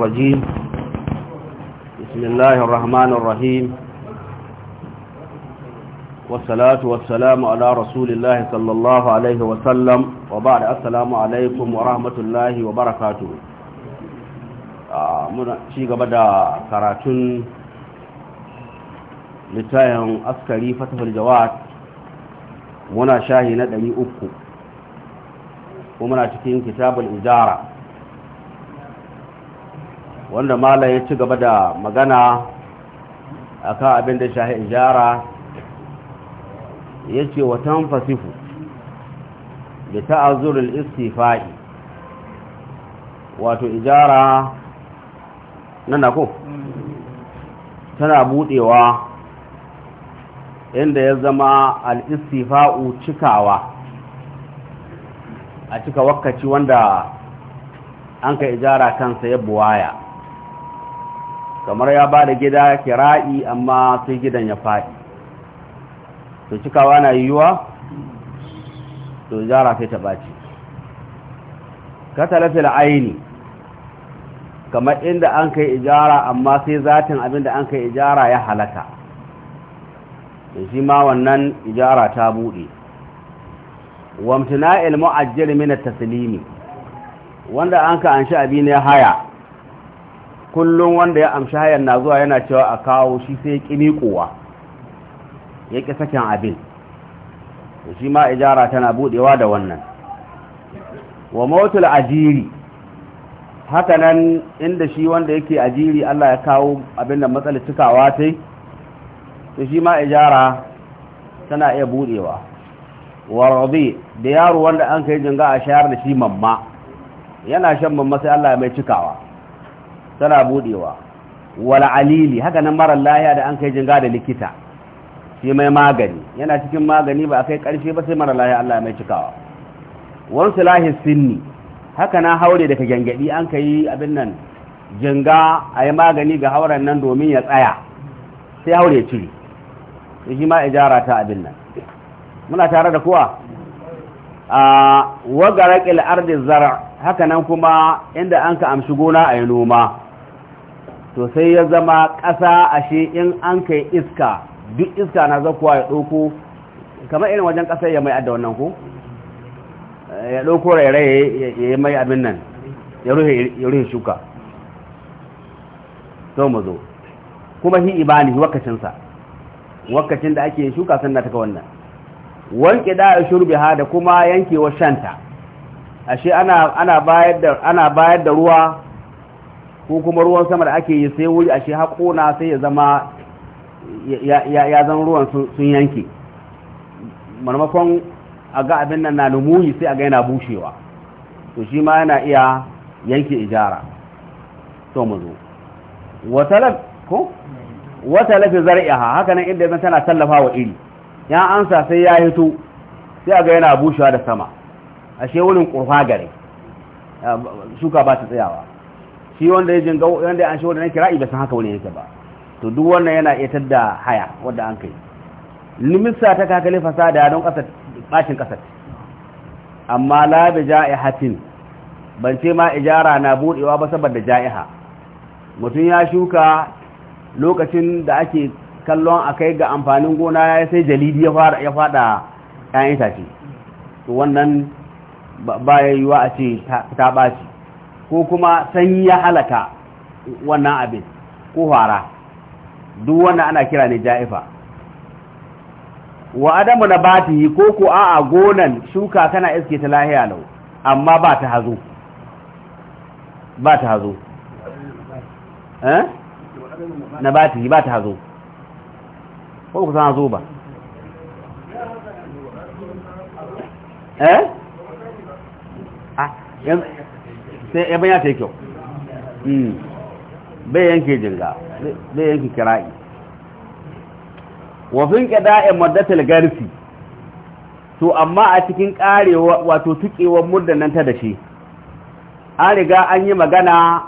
الرجيم بسم الله الرحمن الرحيم والصلاة والسلام على رسول الله صلى الله عليه وسلم وبعد السلام عليكم ورحمة الله وبركاته muna ci gaba da karatun littayin askari fatahul jawad muna shahi na 300 kuma muna cikin kitabul ijara wanda malam ya ci gaba da magana a akan abin da shahi ijara yace wa tanfasifu bi ta'azzur al-istifa'i wato ijara na nako tana budewa inda ya zama al-istifa'u cikawa a cika wakaci wanda an ka ijara kansa ya buwaya kamar ya ba da gida kira'i amma sai gidan ya faɗi to cikawa na yiwuwa to zara sai ta ɓaci katalafil aini kamar inda an kai ijara amma sai zatin abinda an kai ijara ya halaka shi ma wannan ijara ta buɗe wamtina ilmu ajiyar mina taslimi wanda an ka an sha abin ya haya kullum wanda ya amshi hayan na zuwa yana cewa a kawo shi sai kini kowa ya ƙi sakin abin shi ma ijara tana budewa da wannan wa motul ajiri haka nan inda shi wanda yake ajiri Allah ya kawo abin da matsalar cikawa sai to shi ma ijara tana iya budewa wa rabi da yaro wanda an kai jinga a shayar da shi mamma yana shan mamma sai Allah ya mai cikawa tana budewa wal alili haka nan mara lahiya da an kai jinga da likita shi mai magani yana cikin magani ba a kai karshe ba sai mara lahiya Allah mai cikawa wan salahi sinni haka na haure daga gangadi an kai abin nan jinga ayi magani ga hauren nan domin ya tsaya sai haure ya cire shi ma ijara ta abin nan muna tare da kuwa a wagarakil ardi zara haka nan kuma inda an ka amshi gona a yi noma to sai ya zama ƙasa ashe in an kai iska duk iska na zakuwa ya ɗauko kamar irin wajen ƙasa ya mai adda wannan ku ya ɗauko rairaye ya yi mai abin nan ya rufe shuka sau mu zo kuma shi ibani wakacinsa wakacin da ake shuka sannan taka wannan wanke da a shurbi ha da kuma yankewa shanta ashe ana bayar da ruwa ko kuma ruwan sama da ake yi sai wuri ashe haƙona sai ya zama ya zan ruwan sun yanke marmakon a ga abin nan na numuyi sai a ga yana bushewa to shi ma yana iya yanke ijara to mu zo wata lafi zar'iha haka nan inda zan tana tallafa wa iri ya ansa sai ya hito sai a ga yana bushewa da sama ashe wurin kurfa gare shuka ba ta tsayawa shi wanda ya gawo wanda ya an shi ya kira ibe san haka wani yake ba to duk wannan yana etar da haya wadda an kai limisa ta kakali fasada don kasar bashin kasar amma la bi ja'ihatin ban ce ma ijara na buɗewa ba saboda ja'iha mutum ya shuka lokacin da ake kallon a kai ga amfanin gona ya sai jalidi ya fara ya fada ƴaƴan itace to wannan ba a ce ta baci ko kuma sanyi ya halaka wannan abin ko fara duk wannan ana kira ne ja'ifa wa adamu na batihi ko a a'a gonan shuka kana iske ta lahiya lau amma ba ta hazo ba ta hazo eh na batihi ba ta hazo ko ku san hazo ba eh ah, sai ya bayyana ta yi kyau hmm. bai yanke jinga bai yanke kira'i wafin ƙada'in maddatal garfi to amma a cikin ƙarewa wato tukewar muddan nan ta da shi an riga an yi magana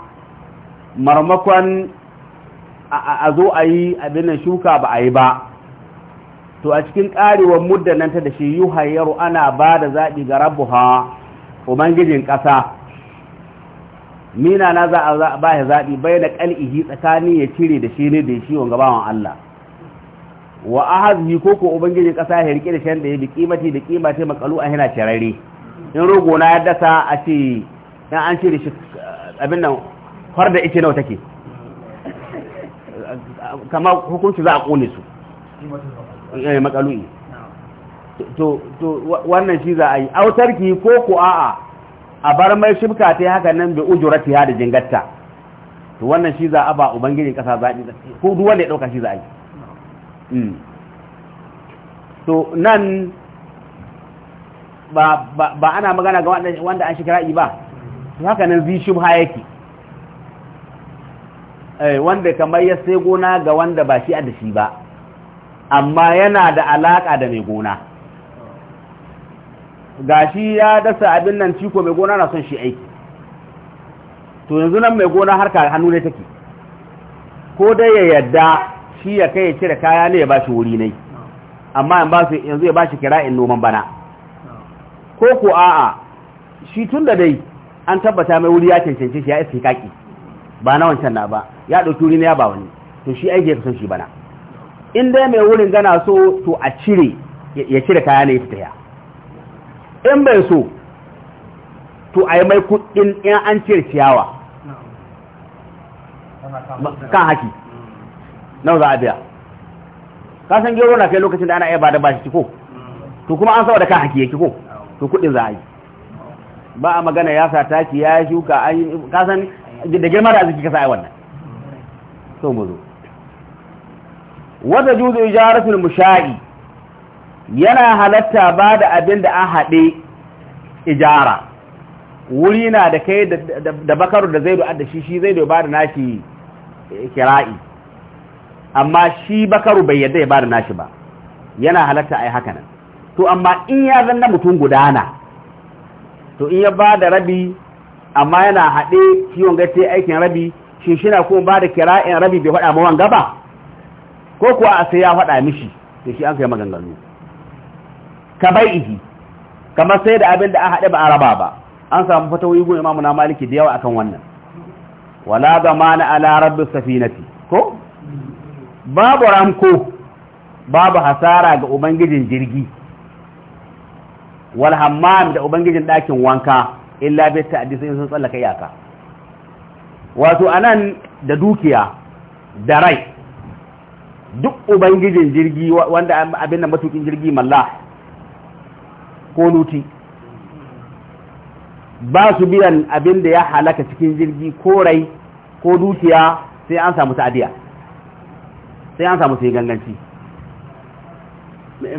marmakon a zo a yi abin shuka ba a yi ba to a cikin ƙarewar muddan nan ta da shi yi hayyaru ana ba da zaɓi ga rabuwa gijin ƙasa mina na za a ba ya zaɓi bai da ƙal'ihi tsakani ya cire da shi ne da shi wanga bawan Allah wa ahazhi ko ko ubangijin ƙasa ya rike da shan da ya bi kimati da kimati makalu a yana cirare in rogo na ya dasa a ce in an cire shi abin nan har da ita nawa take kama hukunci za a kone su eh, to wannan shi za a yi autarki ko ko a'a a bar mai shibka ta haka nan bi ujurati ha da jingatta to wannan shi za a ba ubangijin kasa zaɓi ko duwa ne ya ɗauka shi za a yi mm. to nan ba ana magana ga wanda an shikira'i ba to haka nan zai shubha yake eh, wanda kamar ya sai gona ga wanda ba shi a da shi ba amma yana da alaƙa da mai gona gashi ya dasa abin nan ciko mai gona na son shi aiki to yanzu nan mai gona harka hannu ne take ko dai ya yadda shi ya kai ya cire kaya ne ya ba shi wuri ne amma ba su yanzu ya ba shi kira in noman bana ko ko a'a shi tun da dai an tabbata mai wuri ya cancanci shi ya iske kaki ba na wancan na ba ya ɗauki wuri ne ya ba wani to shi aiki ya son shi bana in dai mai wurin gana so to a cire ya cire kaya ne ya fita ya in bai so to a yi mai kudin in an cire ciyawa kan haki nawa za a biya ka san gero na kai lokacin da ana iya bada bashi ko to kuma an saboda kan haki ya ko to kudin za a yi ba a magana ya sa taki ya yi shuka an yi ka san da girma da aziki ka sa yi wannan so mu zo wata juzu ijaratul musha'i yana halatta ba da abin da an haɗe ijara wuri na da kai da bakaru da do adda shi shi zai do ba da nashi kira'i amma shi bakaru bai yadda ya ba da nashi ba yana halatta a yi haka to amma in ya zanna mutum gudana to in ya ba da rabi amma yana haɗe ciwon gace aikin rabi shi shina kuma ba da kira'in rabi bai faɗa mawan gaba ko kuwa a sai ya faɗa mishi da shi an kai maganganu ka bai'ihi kamar sai da abin da aka haɗe ba a raba ba an samu fatawoyi gun imamu na maliki da yawa akan wannan wala mana ala rabbi safinati ko babu ramko babu hasara ga ubangijin jirgi wal hammam da ubangijin dakin wanka illa bi ta'dis in sun tsallaka iyaka wato anan da dukiya da rai duk ubangijin jirgi wanda abin da matukin jirgi mallah ko luti ba su biyan abin da ya halaka cikin jirgi ko rai ko dukiya sai an samu ta'adiya sai an samu sai ganganci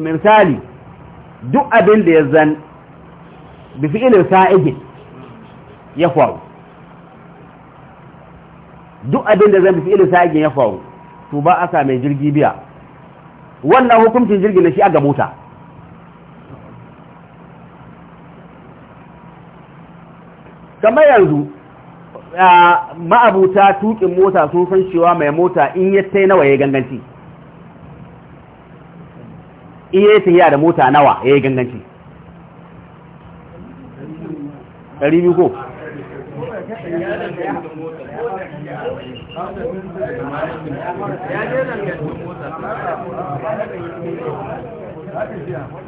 misali duk abin da ya zan bifi ilin sa'ihin ya faru duk abin da zan bifi ilin sa'ihin ya faru to ba a same jirgi biya wannan hukuncin jirgin da shi a gabota kamar yanzu ma'abuta tukin mota sun san cewa mai mota in ya tai nawa ya ganganci in yi tafiya da mota nawa ya yi ganganci ɗari biyu ko ya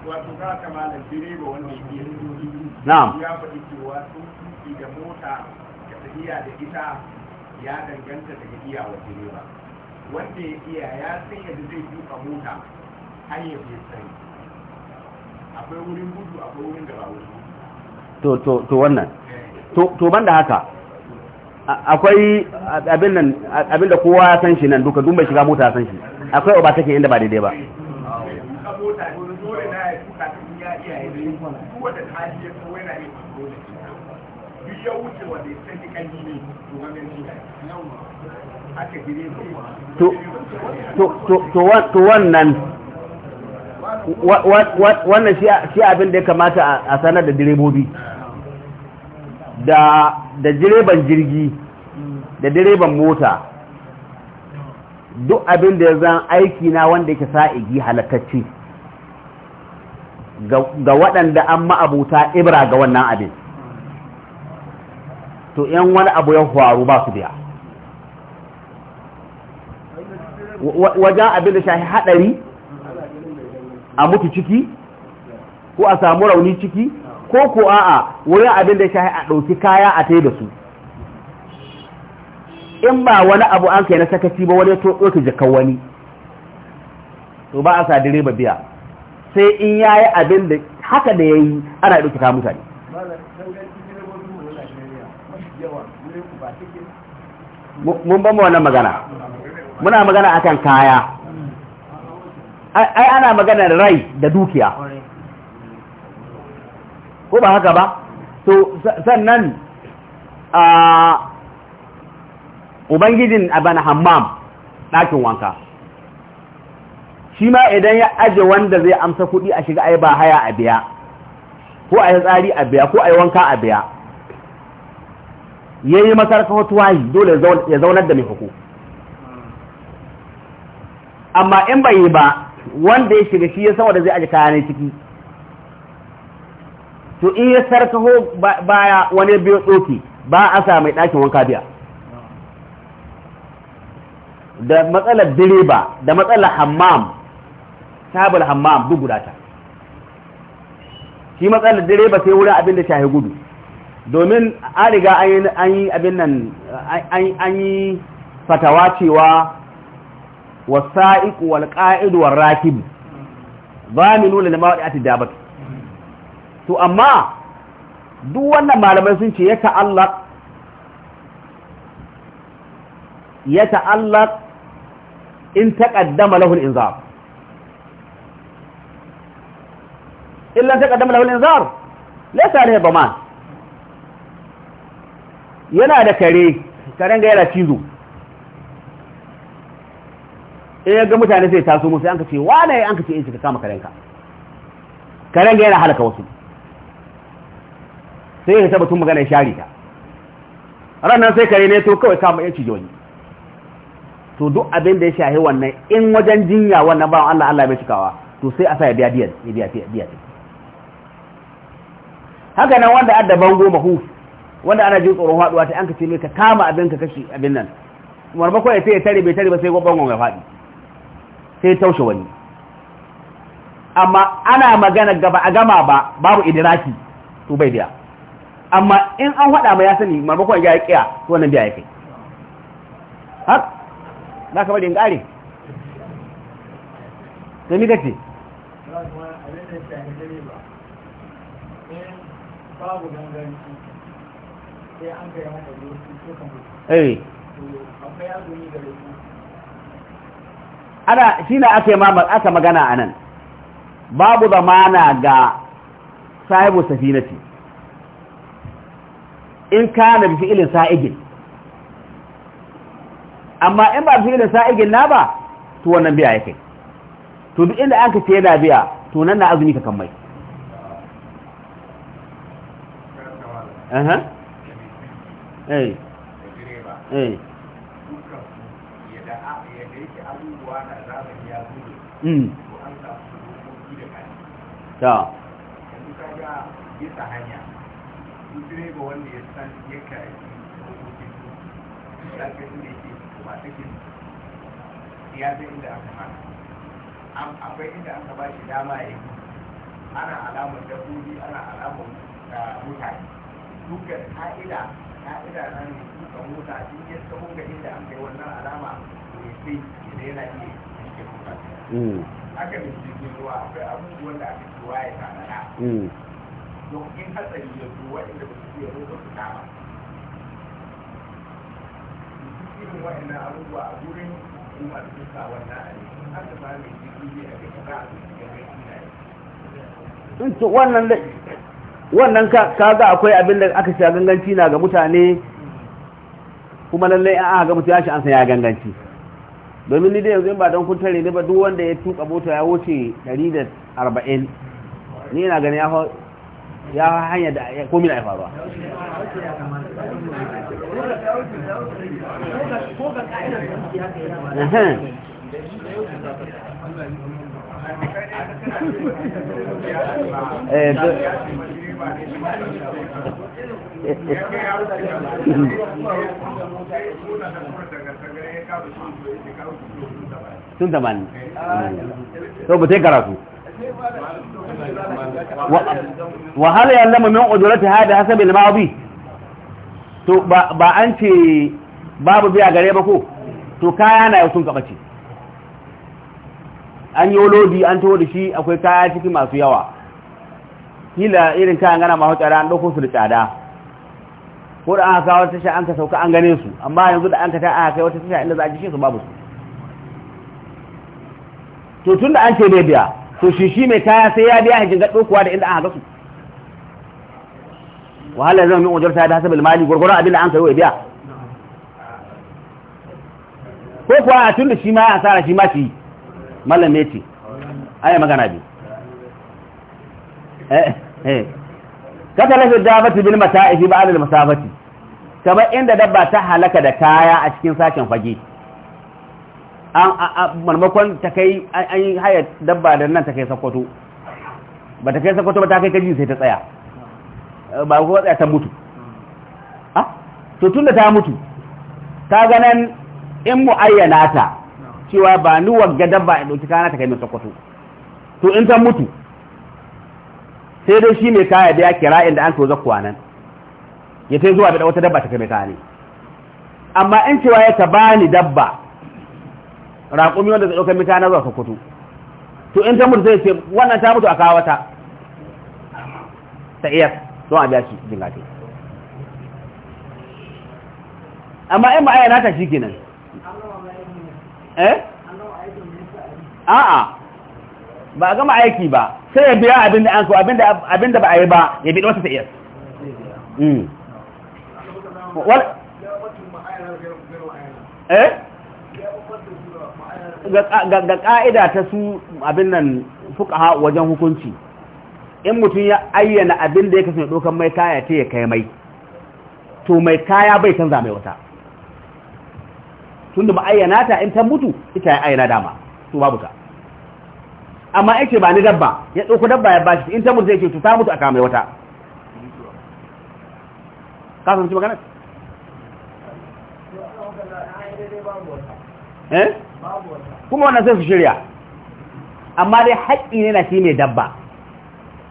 na'am ya faɗi cewa tuki da mota da tafiya da ita ya danganta daga iyawa direba wanda ya iya ya san yadda zai tuka mota har ya fi sani akwai wurin gudu akwai wurin da ba wurin to to to wannan eh. to to banda haka akwai abin nan abin da kowa ya san shi nan duka dun bai shiga mota ya san shi akwai oba take inda ba daidai ba eh, Ya ya mota da na iya to wannan shi ne abin da ya kamata a sanar da direbobi da direban jirgi da direban mota duk abin da ya zan aiki na wanda yake sa'igi halakacci ga waɗanda an ma'abuta ibra ga wannan abin to yan wani abu ya faru ba su biya wajen abin da shahi haɗari a mutu ciki ko a samu rauni ciki ko ko a'a wurin abin da shahi a ɗauki kaya a tai da su in ba wani abu an kai na sakaci ba wani to ɗauki jikan wani to ba a sadire ba biya sai in yayi abin da haka da ya yi ana ɗauki ka mutane mun ban wannan magana muna magana akan kaya ai ana magana rai da dukiya ko ba haka ba to sannan a ubangijin aban hammam ɗakin wanka shi ma idan ya aje wanda zai amsa kuɗi a shiga ai ba haya a biya ko a yi tsari a biya ko a yi wanka a biya ya yi masarfa wata dole ya zaunar da mai hukum amma in bai yi ba wanda ya shiga shi ya sama da zai aji kayan ciki to in ya sarka ho baya wani biyo tsoki ba a sa mai ɗakin wanka biya da matsalar direba da matsalar hammam sabul hammam duk ta shi matsalar direba sai wurin abin da shahi gudu domin a riga an yi abin nan an yi fatawa cewa wasa'iq wal qa'id wal rakib mawaɗi a ti dabat to amma duk wannan malamai sun ce ya ta'allak ya ta'allaq in taqaddama lahu al-inzar illa taqaddama lahu al-inzar ne ba dhaman yana da kare karen ga yana cizo in ya ga mutane sai taso musu an ka ce wane an ka ce in ka kama karenka karen ga yana halaka wasu sai ya tabbatun magana ya share ta ranar sai kare ne to kawai kama ya cije wani to duk abin da ya shahi wannan in wajen jinya wannan ba Allah Allah bai cikawa to sai a sa ya biya biya biya biya haka nan wanda adda bango mahuf wanda ana jin tsoron haduwa ta an ka ce mai ka kama abin ka kashi abin nan marmakon ya sai ya tare bai tare ba sai gwabban ya faɗi sai taushe wani amma ana magana gaba a gama ba babu idiraki to bai biya amma in an haɗa ma ya sani marmakon ya kiya to wannan biya ya kai har Na ka bari in ƙare sai ni kace babu gangan Eh. ana shi ne aka magana a nan babu zamana ga sahibu safinati in ka na bifi ilin sa'igin amma in ba bifi ilin sa'igin na ba to wannan biya ya kai to duk inda aka ce yana biya to nan na azumi ka kammai eh direba eh dukkan yadda yadda yake abubuwa na zamani ya zuwa mm ko an samu dokoki da kai Da yanzu ka ga bisa hanya duk direba wanda ya san ya kai dokokin su ya ga inda yake ba take ya san inda aka mana akwai inda aka ba shi dama ya yi ana alamar dabbobi ana alamar mutane dukkan ka'ida ka'ida nan dukkan mota in ya taho ga inda an kai wannan alama mai sai da yana iya yanke mota hmm. haka mai jirgin ruwa akwai abubuwan da aka ciwa ya tanada hmm. don in hatsari ya zo waɗanda ba su iya roƙa su kama irin waɗannan abubuwa a gurin hukuma da duka wannan a ne haka ba mai jirgin ruwa a ga kasa a cikin rikin na yi. wannan wannan ka kaga akwai abin da aka shiga ganganci na ga mutane kuma lallai an aka ga mutum ya shi an san ya ganganci domin ni dai yanzu in ba don kun tare ne ba duk wanda ya tuka mota ya wuce 140 ni yana ganin ya ya hanya da ya komi na ya faruwa eh tun tamanin To ba sai karatu wahala ya zama min ƙudurata hada hasabi da ma'abi to ba an ce babu biya gare ba ko to kaya na yau sun kaɓace an yi lodi an taho da shi akwai kaya ciki masu yawa kila irin kayan gana masu tsada an ɗauko su da tsada ko da an kawo tasha an ka sauka an gane su amma yanzu da an ka ta kai wata tasha inda za a ji su babu su to tun da an ce bai biya to shi shi mai kaya sai ya biya hajjin ga ɗaukowa da inda an aka su wahala zan min ta da hasabul mali gurgurun abin da an kai ya biya ko kuwa tun da shi ma ya sara shi ma shi mallam ce ai magana biyu Eh, eh. kata lafi dabati bil mata'ifi ba alal masafati kamar inda dabba ta halaka da kaya a cikin sashen fage an marmakon ta kai an yi haya dabba da nan ta kai sakwato ba ta kai sakwato ba ta kai kaji sai ta tsaya eh, ba ko tsaya ta mutu ah to tunda ta mutu ta ganan in mu ayyana ta cewa ba ni wagga dabba in dauki kana ta kai mai sakwato to in ta mutu sai dai shi mai kaya da ya kira inda an kuwa nan ya ta zuwa da wata dabba ta kai kaya ne amma in cewa ya ta bani dabba raƙumi wanda zai ɗaukar mita na zuwa sokoto to in ta mutu zai ce wannan ta mutu a kawo wata ta iya don a biya shi jingate amma in ma'aya ta shi kenan eh a'a ba a gama aiki ba sai ya biya abin da an so abin da ba a yi ba ya biɗi wasu sa'iyar hmm. eh? ga ƙa'ida ta su abin nan fuka wajen hukunci in mutum ya ayyana abin da ya kasance dokan mai kaya ce ya kai mai to mai kaya bai canza mai wata tun da ma'ayyana ta in ta mutu ita ya ayyana dama to babu ta amma yake ba ni dabba ya ɗauko dabba ya bashi in ta mutu yake to ta mutu a kama mai wata ka san ci magana eh kuma wannan sai su shirya amma dai haƙƙi ne na shi mai dabba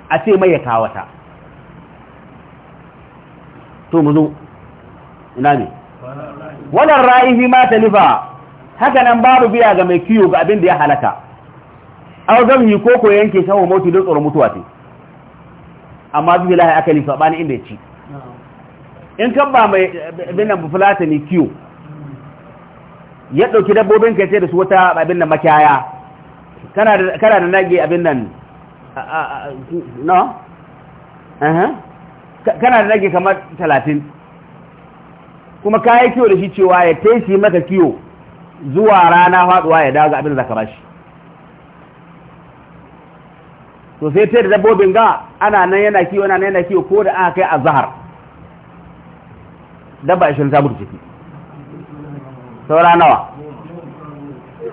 a ce mai ya kawata to mu zo ina ne wannan ra'ihi ma talifa haka nan babu biya ga mai kiyo ga abin da ya halaka aw zan ko ko yanke shawo mutu don tsoron mutuwa ce amma bi lahi akali bani inda ya ci in kan ba mai abin nan ne kiyo ya dauki dabbobin ka ce da su wata abin nan makiyaya kana da kana da nage abin nan no eh kana da nage kamar 30 kuma kayan kiyo da shi cewa ya tashi maka kiyo zuwa rana faduwa ya dawo ga abin da zaka bashi to sai ta da dabbobin ga ana nan yana kiwo ana nan yana kiwo ko da aka kai zahar. dabba 20 ta mutu ciki saura nawa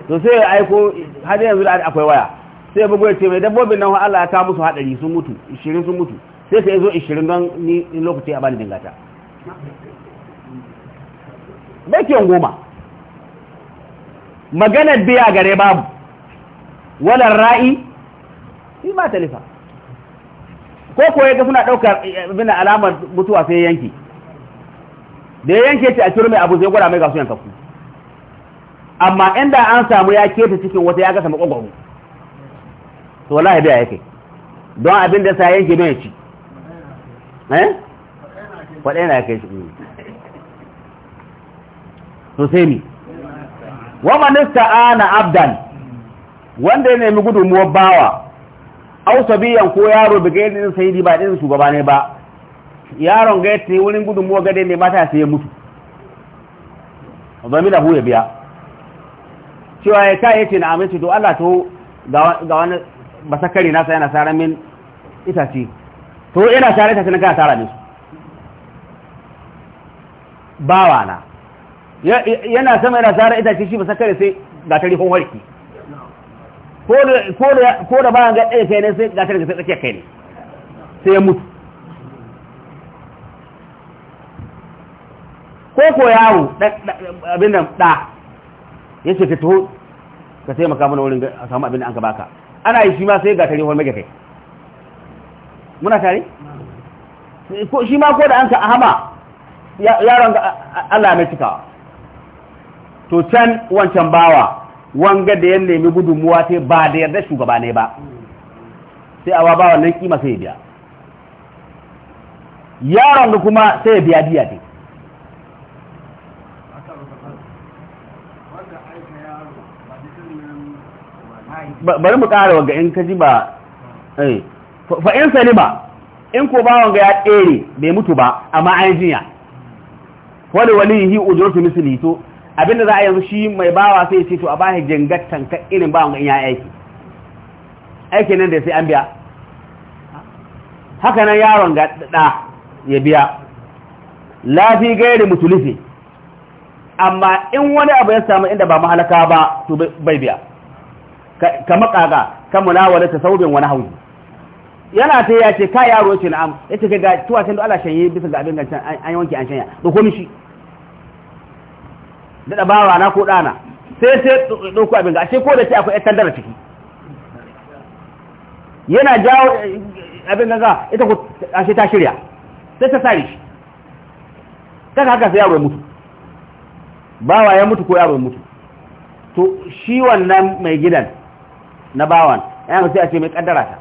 to sai ya aiko har yanzu da akwai waya sai ya bugu ya ce mai dabbobin nan Allah ya ta musu hadari sun mutu 20 sun mutu sai ka zo 20 don ni in lokaci a bani dingata bakin goma maganar biya gare babu walar ra'i shi ma talifa ko ko yaga suna ɗaukar eh, bin alamar mutuwa sai yanki da ya yanke ta a ciro mai abu sai Gwara mai gasu yanka ku amma inda an samu ya keta cikin wata ya gasa makwagwaro to wallahi biya yake don abin da sa yanke ya ci eh kwaɗai na kai shi to sai ni wa manista ana abdan wanda ya nemi gudunmuwar bawa au sabiyan ko yaro yadda gaidin sayidi ba din shugaba ne ba yaron ga yace wurin gudunmuwa gade ne mata sai ya mutu zami da ya biya cewa ya ta yace na aminci to Allah to ga wani basakari nasa yana tsara min itace to ina tare ta kana tara ne bawana yana sama yana tsara itace shi basakari sai ga tari hon warki ko da bayan gaɗe kai ne sai gashi daga tsakiya kai ne sai ya mutu ko ko yawo abin da ɗa ya ce ka taho ka sai maka mana wurin a samu abin da an ka baka ana yi shi ma sai ga tare wani muna tare shi ma ko da an ka hama, yaron Allah mai cikawa to can wancan bawa wanga da ya nemi gudunmuwa sai ba da yarda shugaba ne ba sai awa ba wannan kima sai ya biya yaron da kuma sai ya biya diya ne bari mu ƙara wanga in ka ji ba eh, fa in salima in ko ba wanga ya tsere bai mutu ba amma an jinya wani ujiyar su misali to abinda za a yanzu shi mai bawa sai ce to a bashi jingattan ka irin mu in ya aiki aiki nan da sai an biya haka nan yaron ga da ya biya lafi gairi mutulifi amma in wani abu ya samu inda ba mahalaka ba to bai biya ka makaga ka mulawala ta saubin wani hauji yana ta ya ce ka yaro ce na'am ya ce ga can da Allah shanye bisa ga abin gancan an yanki an shanya da komi shi daɗa bawa na ko ɗana sai sai ɗauko abin ga ashe ko da ce akwai ƴan tandara ciki yana jawo eh, abin ganga ita ko ashe ta shirya sai ta sare shi kaka haka sai yaro ya mutu bawa ya mutu ko yaro ya mutu to shi wannan mai gidan na bawan yana sai a ce mai kaddara ta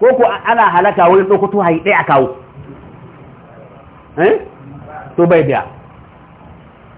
ko ko ana halaka wurin ɗauko tuhayi ɗaya a kawo eh? to bai biya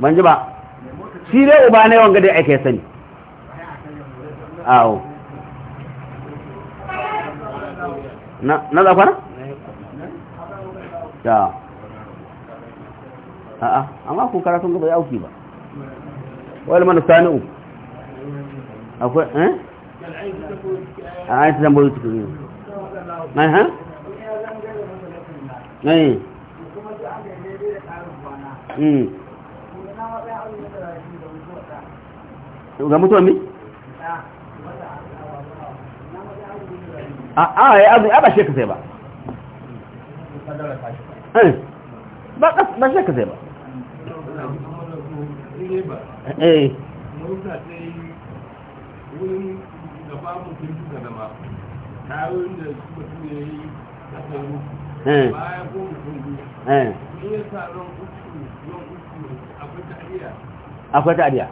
ban ji ba shi dai uba na yawan ake sani awo na zafar? da a'a amma kun karatun gaba ya auki ba wani mana sani'u akwai eh? yi Hmm. ga mutuwan mi? a ya ba shi ka sai eh, ba ba shi ka sai ba eh, eh. eh. akwai ta'adiya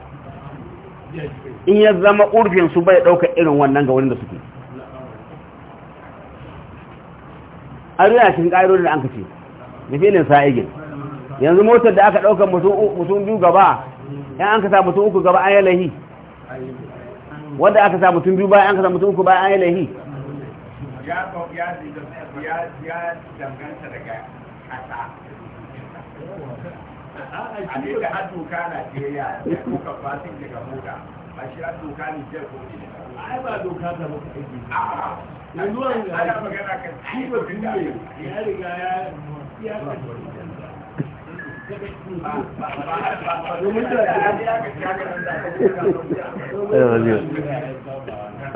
in ya zama urfin su bai ɗauka irin wannan ga wani da suke a rina cikin ƙa'idodin da an kace da filin sa'igin yanzu motar da aka ɗaukar mutum biyu gaba ya an ka sa mutum uku gaba an yi lahi wanda aka sa mutum biyu bayan an ka sa mutum uku bayan an yi lahi ya danganta daga kasa a ne da har doka najeriya da kuka fasin daga mota ba shi har doka ne jar kofi ne ai ba doka ta muka aiki a yanzu an ga ana magana kan cikin ya riga ya ya Gracias.